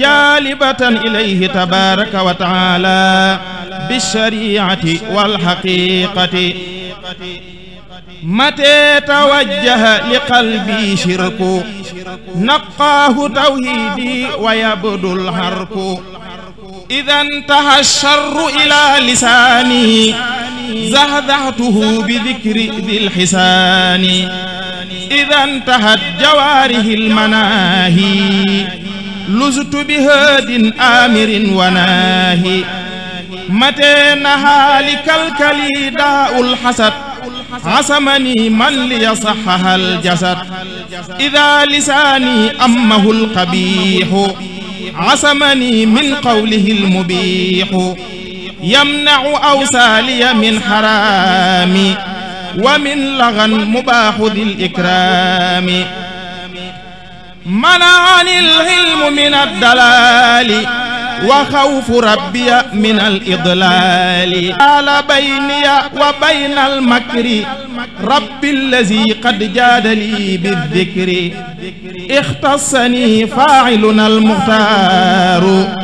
jaalibatan ilayhi tabaaraka wa taala bi shariati wal haqiiqati matee tawajjaha li qalbi shirku naqaahu tawhiidi wa yabdul harku idaa intaha ash-sharru ilaa lisaani zahdahtuhu bi dhikri dhil hisaani idaa intahat jawaarihil manaahi luzutu bi haadin amirin wanaahi matee nahaali kalkali daa'ul hasad asamani man liya sahahal jasad idaa lisaani ammahul qabiihu asamani min qawlihil mubiihu yamna'u awsaaliya min haraami wa min lagan mubaahu dil ikraami منعني العلم من الدلال وخوف ربي من الإضلال قال بيني وبين المكر رب الذي قد جاد لي بالذكر اختصني فاعلنا المختار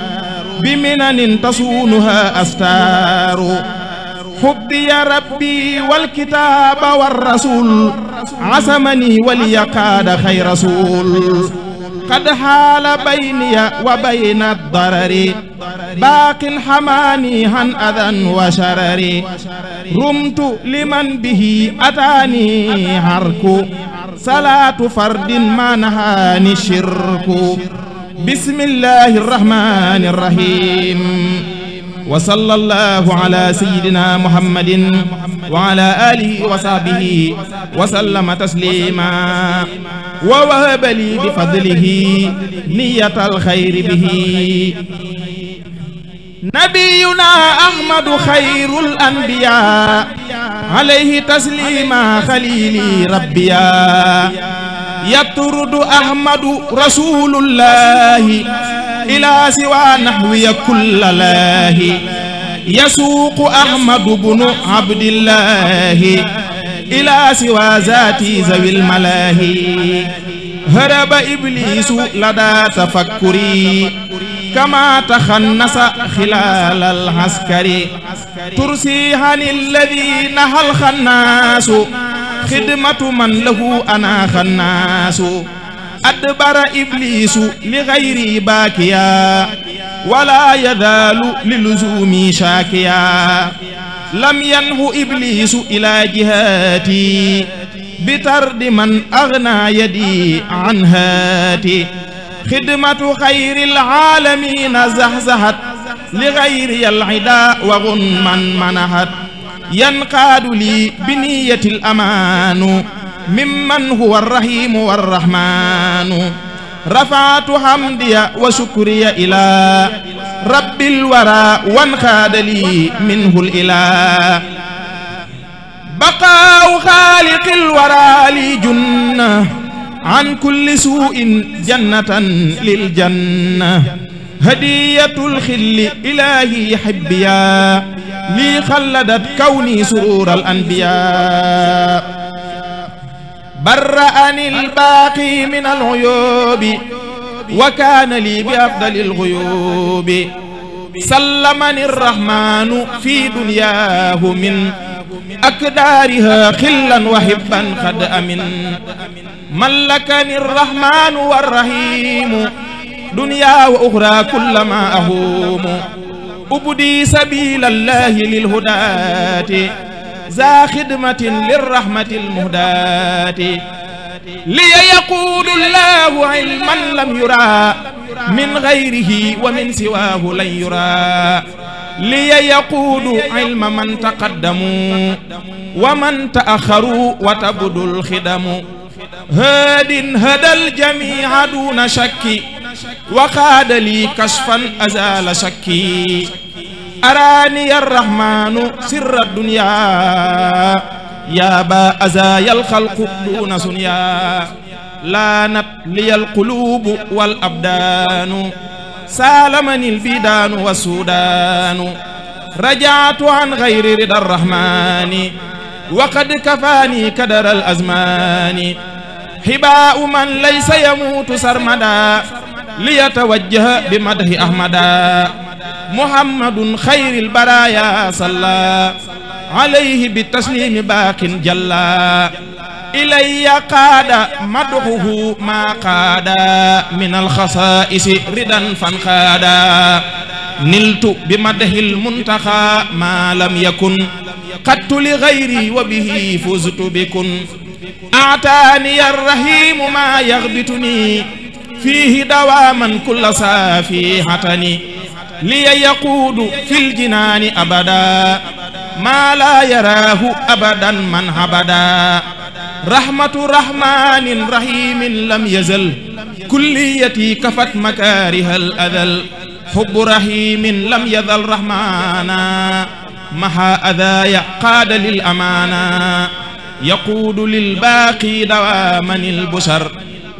بمنن تصونها أستار حبي ربي والكتاب والرسول عصمني وليقاد خير رسول قد حال بيني وبين الضرر باق حماني عن أذى وشرر رمت لمن به أتاني حرك صلاة فرد ما نهاني الشرك بسم الله الرحمن الرحيم wa sallallahu ala sayyidina muhammadin wa ala alihi wa sahbihi wa sallama taslima wa wahaba li bi fadlihi niyatal xayri bihi nabiyuna ahmadu xayrul anbiya alayhi taslima xalili rabbiya yatrudu ahmadu rasulullahi الناس ونحوي كل الله يسوق أحمد بن عبد الله إلى سوى ذات ذوي الملاهي هرب إبليس لدى تفكري كما تخنس خلال العسكر ترسي عن الذي نهى الخناس خدمة من له أنا خناس adbara ibliisu li xayri baakiya wala yazaalu li luzuumi shaakiya lam yanhu ibliisu ila jihaati bi tardi man agna yadi an haati xidmatu xayril aalamiina zaxzaxat li xayri yalida wa gun man manahat yanqaadu li bi niyatil amaanu mimman huwa rahimu warrahmanu rafaatu hamdiya wa shukriya ila rabbil wara wan xaadali minhul ila baqaaw xaaliqil wara li junna an kulli suu'in jannatan lil janna hadiyatul xilli ilaahi xibbiya lii xalladat kawni suruural anbiya برأني الباقي من العيوب وكان لي بأفضل الغيوب سلمني الرحمن في دنياه من أكدارها خلا وحبا قد أمن ملكني الرحمن والرحيم دنيا وأخرى كلما أهوم أبدي سبيل الله للهداة za xidmatin lirrahmatil muhdaati liya yaquulu llaahu ilman lam yuraa min gayrihi wa min siwaahu lan yuraa liya yaquulu ilma man taqaddamu wa man taaxaru wa tabdul xidamu haadin hadal jamiica duuna shakki wa qaada lii kasfan azaala shakki araani arrahmaanu sirra dunyaa yaa ba azaayal xalqu duuna sunyaa laanat liyal quluubu wal abdaanu saalamani lbidaanu wa suudaanu rajaatu an gayri rida arrahmaani waqad kafaani kadara al azmaani xibaau man laysa yamuutu sarmada liyatawajjaha bi madhi ahmada محمد خير البرايا صلى عليه بالتسليم باق جلا إلي قاد مدحه ما قاد من الخصائص ردا فانقادا نلت بمدح المنتخى ما لم يكن قدت لغيري وبه فزت بكن أعتاني الرحيم ما يغبطني فيه دواما كل صافي حتني li yaquudu fil jinaani abada maa laa yaraahu abadan man habada rahmatu rahmanin rahimin lam yazal kulliyati kafat makaarihal adal xubbu rahimin lam yazal rahmaana maha adaaya qaada lil amaana yaquudu lil baaqi dawaamanil bushar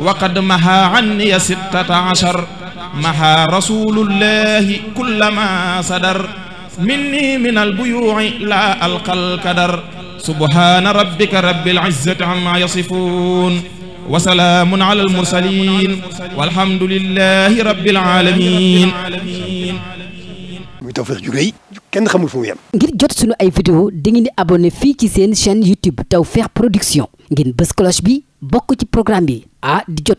waqad maha anniya sittata ashar maha rasulullahi kullama sadar minni min albuyuci laa alqal kadar subhaana rabbika rabbil izzati amma yasifuun wa salaamun ala almursaliin walhamdulillahi rabbil aalamiin muy Tawfekh ju rëy kenn xamul fu mu yem ngir jot sunu ay vidéo dangeen di abonné fii ci seen chaîne YouTube Tawfekh Production ngeen bës cloche bi bokk ci programme bi ah di jot